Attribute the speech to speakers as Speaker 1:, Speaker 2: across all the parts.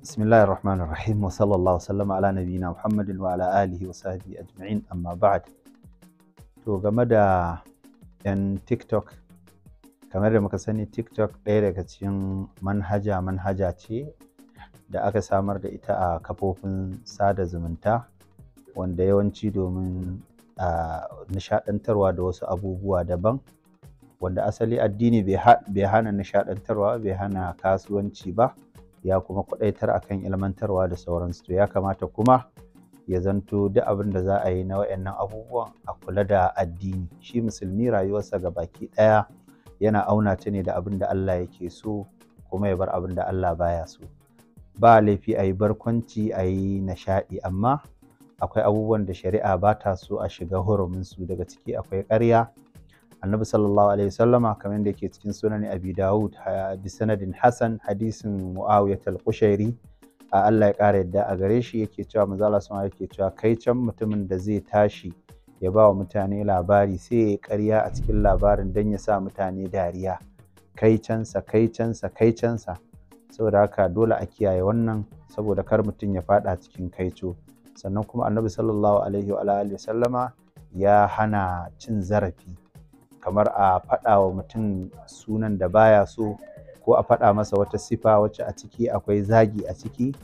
Speaker 1: bismillahir rahmanir rahim ala nabiyina muhammadin wa alihi wa sahbihi ajma'in amma to game da yan tiktok kamar da muka sani tiktok ɗaya daga cikin manhaja manhaja ce da aka samar da ita a kafofin sada zumunta wanda yawanci domin nishadantarwa da wasu abubuwa daban wanda asali addini bai hana nishaɗantarwa bai hana kasuwanci ba ya kuma kwadaitar akan ilmantarwa da sauransu to ya kamata kuma ya zanto duk abin da za a yi na wayannan abubuwan a kula da addini shi musulmi rayuwarsa ga baki ɗaya yana auna ta ne da abin da Allah yake so kuma ya bar abin da Allah baya so ba laifi a yi barkwanci a yi nishaɗi amma akwai abubuwan da shari'a ba ta so a shiga hurumin su daga ciki akwai ƙarya annabi sallallahu alaihi wasallama kamar yadda yake cikin sunan abi dawud bi sanadin hasan hadisin muawiyah al-qushairi a Allah ya kara yadda a gare shi yake cewa manzo Allah sama yake cewa kai can mutumin da zai tashi ya ba wa mutane labari sai ya ƙarya a cikin labarin don ya sa mutane dariya kai sa kai sa kai sa saboda haka dole a kiyaye wannan saboda kar mutum ya fada cikin kaico sannan kuma annabi sallallahu alaihi wa alihi wasallama ya hana cin zarafi kamar a faɗa wa mutum sunan da baya so ko a faɗa masa wata sifa wacce a ciki akwai zagi a ciki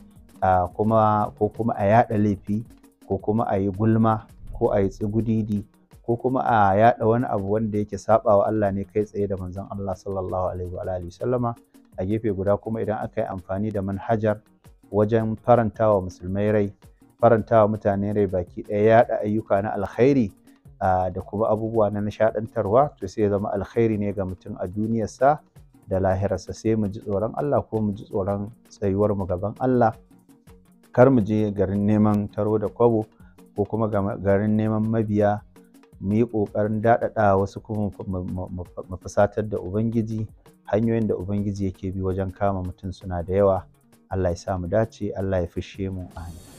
Speaker 1: ko kuma a yaɗa laifi ko kuma a yi gulma ko a yi tsigudidi ko kuma a yaɗa wani abu wanda yake saɓawa Allah ne kai tsaye da manzon Allah sallallahu alaihi wa sallama a gefe guda kuma idan aka yi amfani da manhajar wajen farantawa musulmai rai farantawa mutane rai baki ɗaya yaɗa ayyuka na alkhairi da kuma abubuwa na nishaɗantarwa to sai ya zama alkhairi ne ga mutum a duniyarsa da lahirarsa sai mu ji tsoron Allah ko mu ji tsoron tsayuwar mu gaban Allah kar mu je garin neman taro da kwabo ko kuma garin neman mabiya mu yi ƙoƙarin daɗaɗa wasu kuma mu fusatar da ubangiji hanyoyin da ubangiji yake bi wajen kama mutum suna da yawa Allah ya sa mu dace Allah ya fishe mu amin